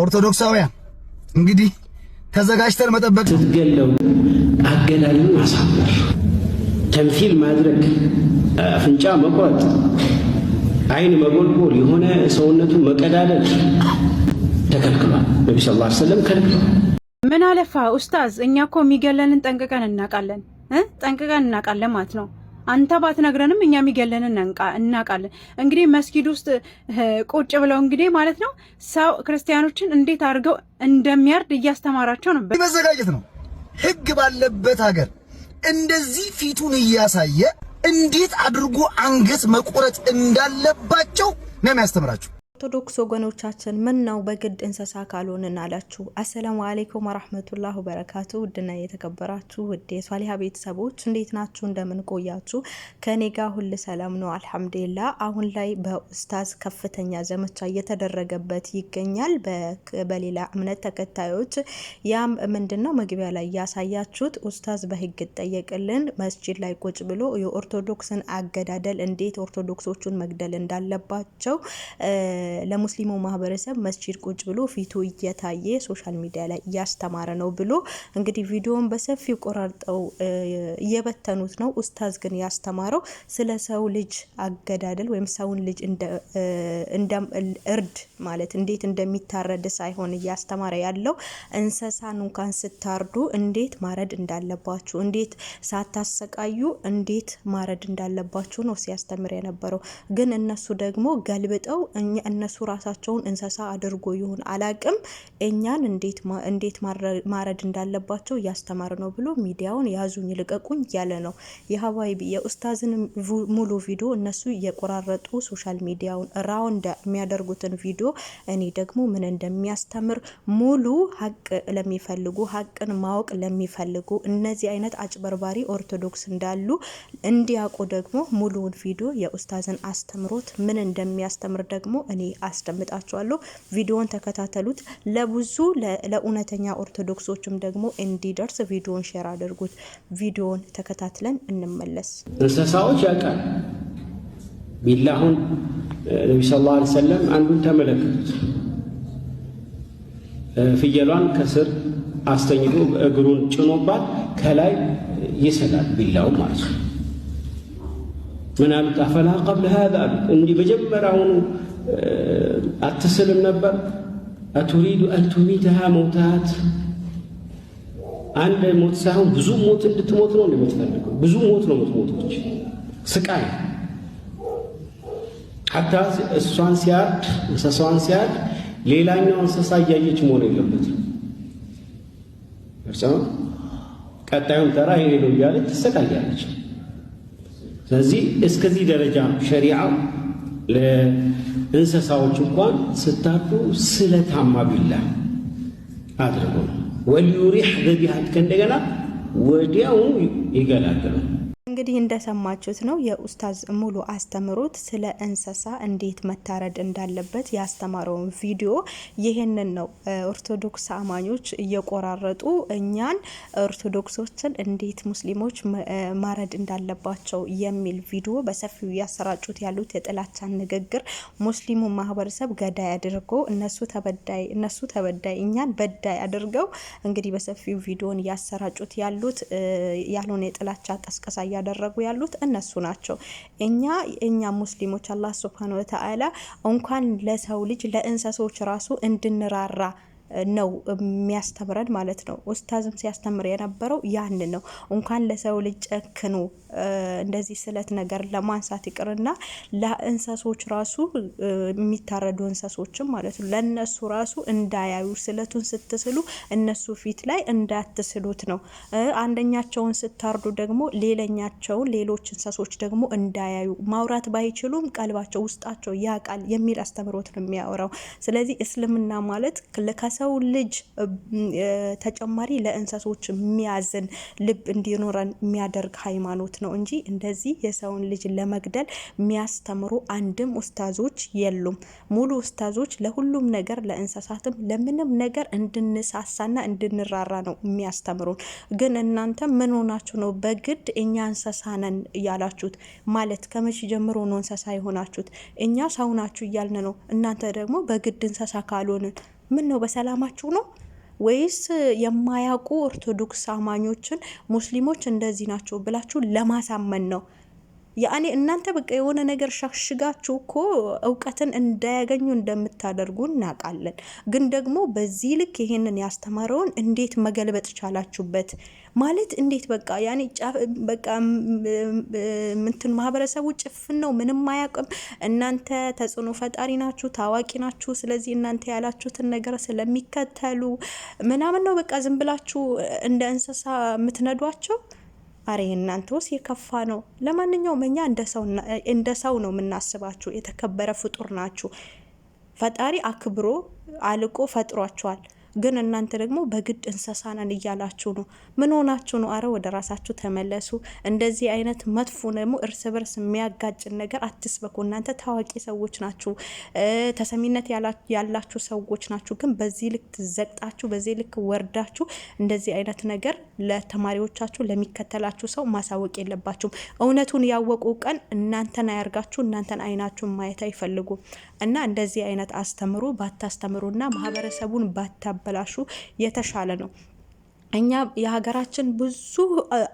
ኦርቶዶክሳውያን እንግዲህ ተዘጋጅተን መጠበቅ ስትገለው አገላልን ማሳመር፣ ተምሲል ማድረግ፣ አፍንጫ መቁረጥ አይን መጎልጎል፣ የሆነ ሰውነቱን መቀዳደል ተከልክሏል። ነቢ ስ ላ ሰለም ከልክሏል። ምን አለፋ ኡስታዝ፣ እኛ እኮ የሚገለንን ጠንቅቀን እናውቃለን ጠንቅቀን እናውቃለን ማለት ነው አንተ ባትነግረንም እኛ የሚገለንን እናውቃለን። እንግዲህ መስጊድ ውስጥ ቁጭ ብለው እንግዲህ ማለት ነው ሰው ክርስቲያኖችን እንዴት አድርገው እንደሚያርድ እያስተማራቸው ነበር። መዘጋጀት ነው። ህግ ባለበት ሀገር እንደዚህ ፊቱን እያሳየ እንዴት አድርጎ አንገት መቁረጥ እንዳለባቸው ነው የሚያስተምራቸው። ኦርቶዶክስ ወገኖቻችን ምን ነው በግድ እንስሳ ካልሆንን አላችሁ? አሰላሙ አሌይኩም ወራህመቱላህ ወበረካቱ። ውድና የተከበራችሁ ውድ የሷሊሀ ቤተሰቦች እንዴት ናችሁ? እንደምን ቆያችሁ? ከኔ ጋር ሁል ሰላም ነው አልሐምዱላ። አሁን ላይ በኡስታዝ ከፍተኛ ዘመቻ እየተደረገበት ይገኛል በሌላ እምነት ተከታዮች። ያም ምንድን ነው መግቢያ ላይ እያሳያችሁት ኡስታዝ በህግ ጠየቅልን መስጂድ ላይ ቁጭ ብሎ የኦርቶዶክስን አገዳደል እንዴት ኦርቶዶክሶቹን መግደል እንዳለባቸው ለሙስሊሙ ማህበረሰብ መስጂድ ቁጭ ብሎ ፊቱ እየታየ ሶሻል ሚዲያ ላይ እያስተማረ ነው ብሎ እንግዲህ ቪዲዮን በሰፊው ቆራርጠው እየበተኑት ነው። ኡስታዝ ግን ያስተማረው ስለ ሰው ልጅ አገዳደል ወይም ሰውን ልጅ እርድ ማለት እንዴት እንደሚታረድ ሳይሆን እያስተማረ ያለው እንስሳን እንኳን ስታርዱ እንዴት ማረድ እንዳለባችሁ፣ እንዴት ሳታሰቃዩ እንዴት ማረድ እንዳለባችሁ ነው ሲያስተምር የነበረው። ግን እነሱ ደግሞ ገልብጠው እነሱ ራሳቸውን እንስሳ አድርጎ ይሁን አላቅም እኛን እንዴት ማረድ እንዳለባቸው እያስተማር ነው ብሎ ሚዲያውን ያዙኝ ልቀቁኝ ያለ ነው የሀዋይ የኡስታዝን ሙሉ ቪዲዮ እነሱ የቆራረጡ ሶሻል ሚዲያውን ራው የሚያደርጉትን ቪዲዮ እኔ ደግሞ ምን እንደሚያስተምር ሙሉ ሀቅ ለሚፈልጉ ሀቅን ማወቅ ለሚፈልጉ እነዚህ አይነት አጭበርባሪ ኦርቶዶክስ እንዳሉ እንዲያውቁ ደግሞ ሙሉውን ቪዲዮ የኡስታዝን አስተምሮት ምን እንደሚያስተምር ደግሞ እኔ አስደምጣችኋለሁ። ቪዲዮን ተከታተሉት። ለብዙ ለእውነተኛ ኦርቶዶክሶችም ደግሞ እንዲደርስ ቪዲዮን ሼር አድርጉት። ቪዲዮን ተከታትለን እንመለስ። እንስሳዎች ያውቃል ቢላሁን ነቢ ስ ላ ሰለም አንዱን ተመለከቱት። ፍየሏን ከስር አስተኝቶ እግሩን ጭኖባት ከላይ ይስላል ቢላው ማለት ነው። ምን አሉት? አፈላ ቀብል ሀ አሉት። እንዲህ መጀመሪያውኑ አትስልም ነበር። አቱሪዱ አንቱሚትሃ መውታት አንድ ሞት ሳይሆን ብዙ ሞት እንድትሞት ነው እንደምትፈልገው። ብዙ ሞት ነው የምትሞቶች፣ ስቃይ ሀታ እሷን ሲያርድ እንስሳዋን ሲያርድ ሌላኛው እንስሳ እያየች መሆን የለበትም። እርሰው ቀጣዩን ተራ ይሄ ነው እያለች ትሰቃያለች። ስለዚህ እስከዚህ ደረጃ ሸሪዓው ለእንስሳዎች እንኳን ስታጡ ስለታማ ቢላ አድርጎ ነው ወሊዩሪሕ ዘቢሃት ከእንደገና ወዲያው ይገላግላል። እንግዲህ እንደሰማችሁት ነው የኡስታዝ ሙሉ አስተምሮት ስለ እንስሳ እንዴት መታረድ እንዳለበት ያስተማረውን ቪዲዮ። ይህንን ነው ኦርቶዶክስ አማኞች እየቆራረጡ እኛን ኦርቶዶክሶችን እንዴት ሙስሊሞች ማረድ እንዳለባቸው የሚል ቪዲዮ በሰፊው እያሰራጩት ያሉት የጥላቻ ንግግር ሙስሊሙን ማህበረሰብ ገዳይ አድርጎ እነሱ ተበዳይ እነሱ ተበዳይ እኛን በዳይ አድርገው እንግዲህ በሰፊው ቪዲዮን እያሰራጩት ያሉት ያልሆነ የጥላቻ ቀስቀሳ እያደረጉ ያሉት እነሱ ናቸው። እኛ እኛ ሙስሊሞች አላህ ሱብሃነ ወተዓላ እንኳን ለሰው ልጅ ለእንሰሶች ራሱ እንድንራራ ነው የሚያስተምረን ማለት ነው። ኡስታዝም ሲያስተምር የነበረው ያንን ነው። እንኳን ለሰው ልጅ ጨክኖ እንደዚህ ስለት ነገር ለማንሳት ይቅርና ለእንሰሶች ራሱ የሚታረዱ እንሰሶችም ማለት ነው ለእነሱ ራሱ እንዳያዩ ስለቱን ስትስሉ እነሱ ፊት ላይ እንዳትስሉት ነው። አንደኛቸውን ስታርዱ ደግሞ ሌላኛቸውን ሌሎች እንሰሶች ደግሞ እንዳያዩ ማውራት ባይችሉም ቀልባቸው ውስጣቸው ያ ቃል የሚል አስተምሮት ነው የሚያወራው። ስለዚህ እስልምና ማለት ለሰው ልጅ ተጨማሪ ለእንስሶች የሚያዝን ልብ እንዲኖረን የሚያደርግ ሃይማኖት ነው እንጂ እንደዚህ የሰውን ልጅ ለመግደል የሚያስተምሩ አንድም ኡስታዞች የሉም። ሙሉ ኡስታዞች ለሁሉም ነገር ለእንስሳትም ለምንም ነገር እንድንሳሳና እንድንራራ ነው የሚያስተምሩን። ግን እናንተ ምን ሆናችሁ ነው በግድ እኛ እንስሳ ነን እያላችሁት? ማለት ከመቼ ጀምሮ ነው እንስሳ የሆናችሁት? እኛ ሰው ናችሁ እያልን ነው። እናንተ ደግሞ በግድ እንስሳ ካልሆንን ምን ነው በሰላማችሁ ነው ወይስ የማያውቁ ኦርቶዶክስ አማኞችን ሙስሊሞች እንደዚህ ናቸው ብላችሁ ለማሳመን ነው? ያኔ እናንተ በቃ የሆነ ነገር ሸሽጋችሁ እኮ እውቀትን እንዳያገኙ እንደምታደርጉ እናውቃለን። ግን ደግሞ በዚህ ልክ ይሄንን ያስተማረውን እንዴት መገልበጥ ቻላችሁበት? ማለት እንዴት በቃ ያኔ በቃ ምንትን ማህበረሰቡ ጭፍን ነው፣ ምንም አያውቅም። እናንተ ተጽዕኖ ፈጣሪ ናችሁ፣ ታዋቂ ናችሁ። ስለዚህ እናንተ ያላችሁትን ነገር ስለሚከተሉ ምናምን ነው በቃ ዝም ብላችሁ እንደ እንስሳ የምትነዷቸው። አሬ እናንተ ውስጥ የከፋ ነው። ለማንኛውም እኛ እንደ ሰው ነው የምናስባችሁ። የተከበረ ፍጡር ናችሁ። ፈጣሪ አክብሮ አልቆ ፈጥሯችኋል። ግን እናንተ ደግሞ በግድ እንስሳናን እያላችሁ ነው። ምን ሆናችሁ ነው? አረ ወደ ራሳችሁ ተመለሱ። እንደዚህ አይነት መጥፎ ደግሞ እርስ በርስ የሚያጋጭን ነገር አትስበኩ። እናንተ ታዋቂ ሰዎች ናችሁ፣ ተሰሚነት ያላችሁ ሰዎች ናችሁ። ግን በዚህ ልክ ዘቅጣችሁ፣ በዚህ ልክ ወርዳችሁ እንደዚህ አይነት ነገር ለተማሪዎቻችሁ ለሚከተላችሁ ሰው ማሳወቅ የለባችሁም። እውነቱን ያወቁ ቀን እናንተን አያርጋችሁ፣ እናንተን አይናችሁን ማየት አይፈልጉም። እና እንደዚህ አይነት አስተምሮ ባታስተምሩና ማህበረሰቡን ባታበላሹ የተሻለ ነው። እኛ የሀገራችን ብዙ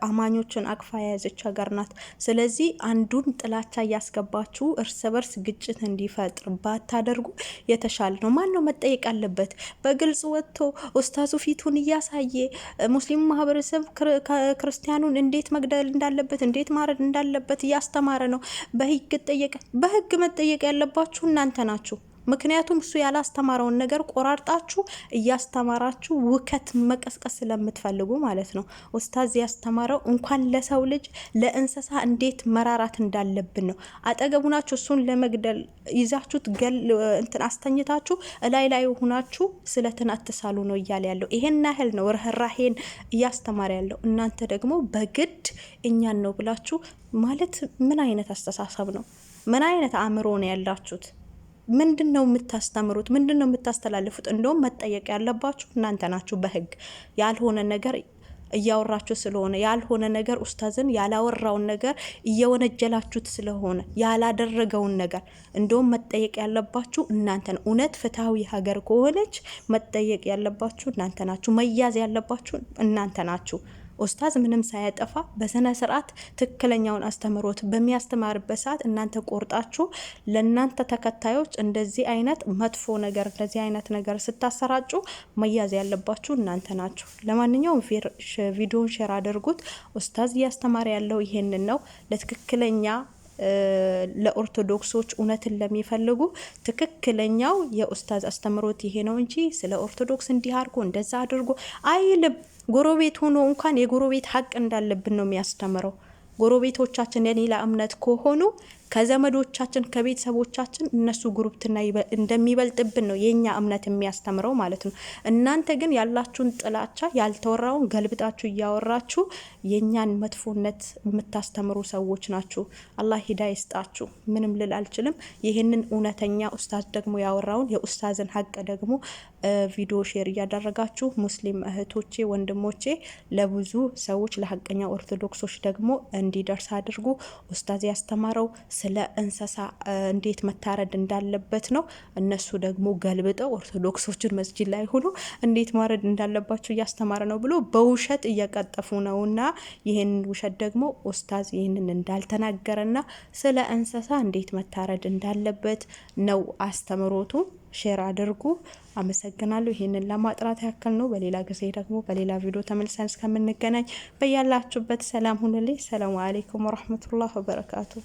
አማኞችን አቅፋ የያዘች ሀገር ናት። ስለዚህ አንዱን ጥላቻ እያስገባችሁ እርስ በርስ ግጭት እንዲፈጥር ባታደርጉ የተሻለ ነው። ማን ነው መጠየቅ አለበት? በግልጽ ወጥቶ ኡስታዙ ፊቱን እያሳየ ሙስሊሙ ማህበረሰብ ክርስቲያኑን እንዴት መግደል እንዳለበት፣ እንዴት ማረድ እንዳለበት እያስተማረ ነው። በህግ ጠየቀ። በህግ መጠየቅ ያለባችሁ እናንተ ናችሁ። ምክንያቱም እሱ ያላስተማረውን ነገር ቆራርጣችሁ እያስተማራችሁ ውከት መቀስቀስ ስለምትፈልጉ ማለት ነው። ኡስታዝ ያስተማረው እንኳን ለሰው ልጅ ለእንስሳ እንዴት መራራት እንዳለብን ነው። አጠገቡ ናችሁ እሱን ለመግደል ይዛችሁት ገል እንትን አስተኝታችሁ እላይ ላይ ሆናችሁ ስለትን አትሳሉ ነው እያለ ያለው። ይሄን ያህል ነው ርህራሄን እያስተማረ ያለው። እናንተ ደግሞ በግድ እኛን ነው ብላችሁ ማለት ምን አይነት አስተሳሰብ ነው? ምን አይነት አእምሮ ነው ያላችሁት? ምንድን ነው የምታስተምሩት? ምንድን ነው የምታስተላልፉት? እንደውም መጠየቅ ያለባችሁ እናንተ ናችሁ። በህግ ያልሆነ ነገር እያወራችሁ ስለሆነ ያልሆነ ነገር ኡስታዝን ያላወራውን ነገር እየወነጀላችሁት ስለሆነ ያላደረገውን ነገር እንደውም መጠየቅ ያለባችሁ እናንተ ነው። እውነት ፍትሐዊ ሀገር ከሆነች መጠየቅ ያለባችሁ እናንተ ናችሁ። መያዝ ያለባችሁ እናንተ ናችሁ። ኦስታዝ ምንም ሳያጠፋ በስነ ስርዓት ትክክለኛውን አስተምሮት በሚያስተማርበት ሰዓት እናንተ ቆርጣችሁ ለእናንተ ተከታዮች እንደዚህ አይነት መጥፎ ነገር እንደዚህ አይነት ነገር ስታሰራጩ መያዝ ያለባችሁ እናንተ ናችሁ። ለማንኛውም ቪዲዮን ሼር አድርጉት። ኦስታዝ እያስተማረ ያለው ይሄንን ነው ለትክክለኛ ለኦርቶዶክሶች እውነትን ለሚፈልጉ ትክክለኛው የኡስታዝ አስተምሮት ይሄ ነው እንጂ ስለ ኦርቶዶክስ እንዲህ አድርጎ እንደዛ አድርጎ አይልም። ጎረቤት ሆኖ እንኳን የጎረቤት ሀቅ እንዳለብን ነው የሚያስተምረው። ጎረቤቶቻችን የሌላ እምነት ከሆኑ ከዘመዶቻችን ከቤተሰቦቻችን እነሱ ጉርብትና እንደሚበልጥብን ነው የእኛ እምነት የሚያስተምረው ማለት ነው። እናንተ ግን ያላችሁን ጥላቻ ያልተወራውን ገልብጣችሁ እያወራችሁ የእኛን መጥፎነት የምታስተምሩ ሰዎች ናችሁ። አላህ ሂዳ ይስጣችሁ። ምንም ልል አልችልም። ይህንን እውነተኛ ኡስታዝ ደግሞ ያወራውን የኡስታዝን ሀቅ ደግሞ ቪዲዮ ሼር እያደረጋችሁ ሙስሊም እህቶቼ ወንድሞቼ፣ ለብዙ ሰዎች ለሀቀኛ ኦርቶዶክሶች ደግሞ እንዲደርስ አድርጉ። ኡስታዝ ያስተማረው ስለ እንስሳ እንዴት መታረድ እንዳለበት ነው። እነሱ ደግሞ ገልብጠው ኦርቶዶክሶቹን መስጂድ ላይ ሆኖ እንዴት ማረድ እንዳለባቸው እያስተማረ ነው ብሎ በውሸት እየቀጠፉ ነው እና ይህንን ውሸት ደግሞ ኡስታዝ ይህንን እንዳልተናገረና ስለ እንስሳ እንዴት መታረድ እንዳለበት ነው አስተምሮቱ። ሼር አድርጉ። አመሰግናለሁ። ይህንን ለማጥራት ያክል ነው። በሌላ ጊዜ ደግሞ በሌላ ቪዲዮ ተመልሰን እስከምንገናኝ በያላችሁበት ሰላም ሁኑልኝ። ሰላሙ አሌይኩም ወረህመቱላህ ወበረካቱ።